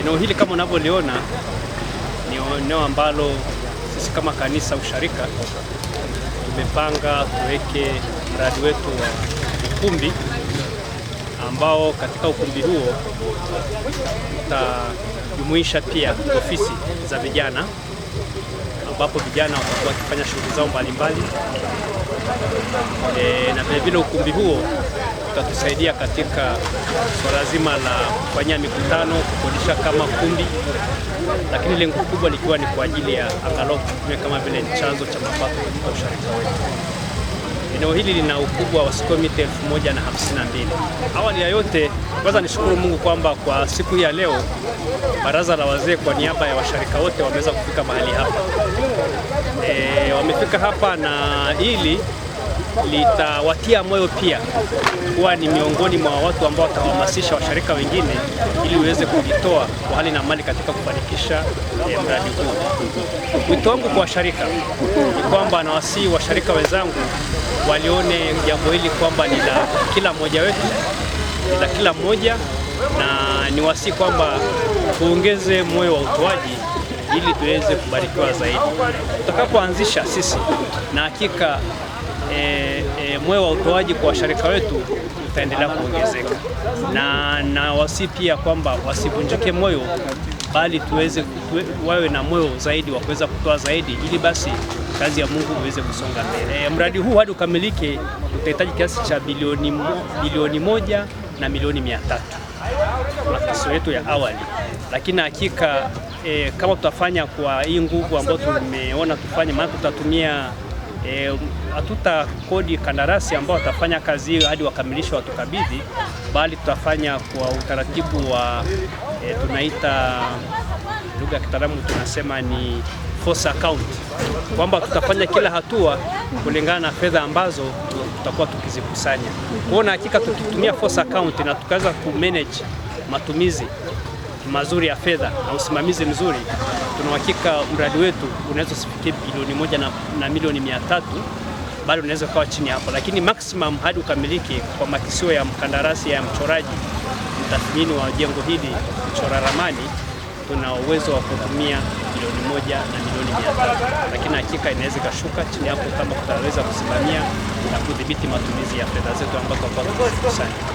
Eneo hili kama unavyoliona ni eneo ambalo sisi kama kanisa usharika tumepanga tuweke mradi wetu wa ukumbi ambao katika ukumbi huo utajumuisha pia ofisi za vijana ambapo vijana watakuwa wakifanya shughuli zao mbalimbali e, na vilevile ukumbi huo kutatusaidia katika swala zima la kufanyia mikutano, kukodisha kama kundi, lakini lengo kubwa likiwa ni kwa ajili ya angalau kutumia kama vile chanzo cha mapato katika ushirika wetu. Eneo hili lina ukubwa wa square mita mbili. Awali ya yote, kwanza nishukuru Mungu kwamba kwa siku hii ya leo baraza la wazee kwa niaba ya washirika wote wameweza kufika mahali hapa. E, wamefika hapa na ili litawatia moyo pia kuwa ni miongoni mwa watu ambao watahamasisha washirika wengine ili uweze kujitoa kwa hali na mali katika kufanikisha mradi huu. Wito wangu kwa washirika ni kwamba nawasihi washirika wenzangu walione jambo hili kwamba ni la kila mmoja wetu, ni la kila mmoja, na niwasihi kwamba tuongeze moyo wa utoaji ili tuweze kubarikiwa zaidi tutakapoanzisha sisi, na hakika e, e, moyo wa utoaji kwa washarika wetu utaendelea kuongezeka, na na wasi pia kwamba wasivunjike moyo, bali tuweze tuwe, wawe na moyo zaidi wa kuweza kutoa zaidi, ili basi kazi ya Mungu iweze kusonga mbele. E, mradi huu hadi ukamilike utahitaji kiasi cha bilioni, bilioni moja na milioni mia tatu yetu ya awali, lakini hakika e, kama tutafanya kwa hii nguvu ambayo tumeona tufanye, maana tutatumia E, hatuta kodi kandarasi ambao watafanya kazi hiyo hadi wakamilisha watukabidhi, bali tutafanya kwa utaratibu wa e, tunaita lugha ya kitaalamu tunasema ni force account, kwamba tutafanya kila hatua kulingana na fedha ambazo tutakuwa tukizikusanya. na hakika tukitumia force account na tukaweza kumanage matumizi mazuri ya fedha na usimamizi mzuri tuna uhakika mradi wetu unaweza usifikie bilioni moja na, na milioni mia tatu bado unaweza ukawa chini hapo, lakini maximum hadi ukamilike kwa makisio ya mkandarasi ya mchoraji mtathmini wa jengo hili mchora ramani, tuna uwezo wa kutumia bilioni moja na milioni mia tatu lakini hakika inaweza ikashuka chini hapo kama tutaweza kusimamia na kudhibiti matumizi ya fedha zetu ambazo tunakusanya.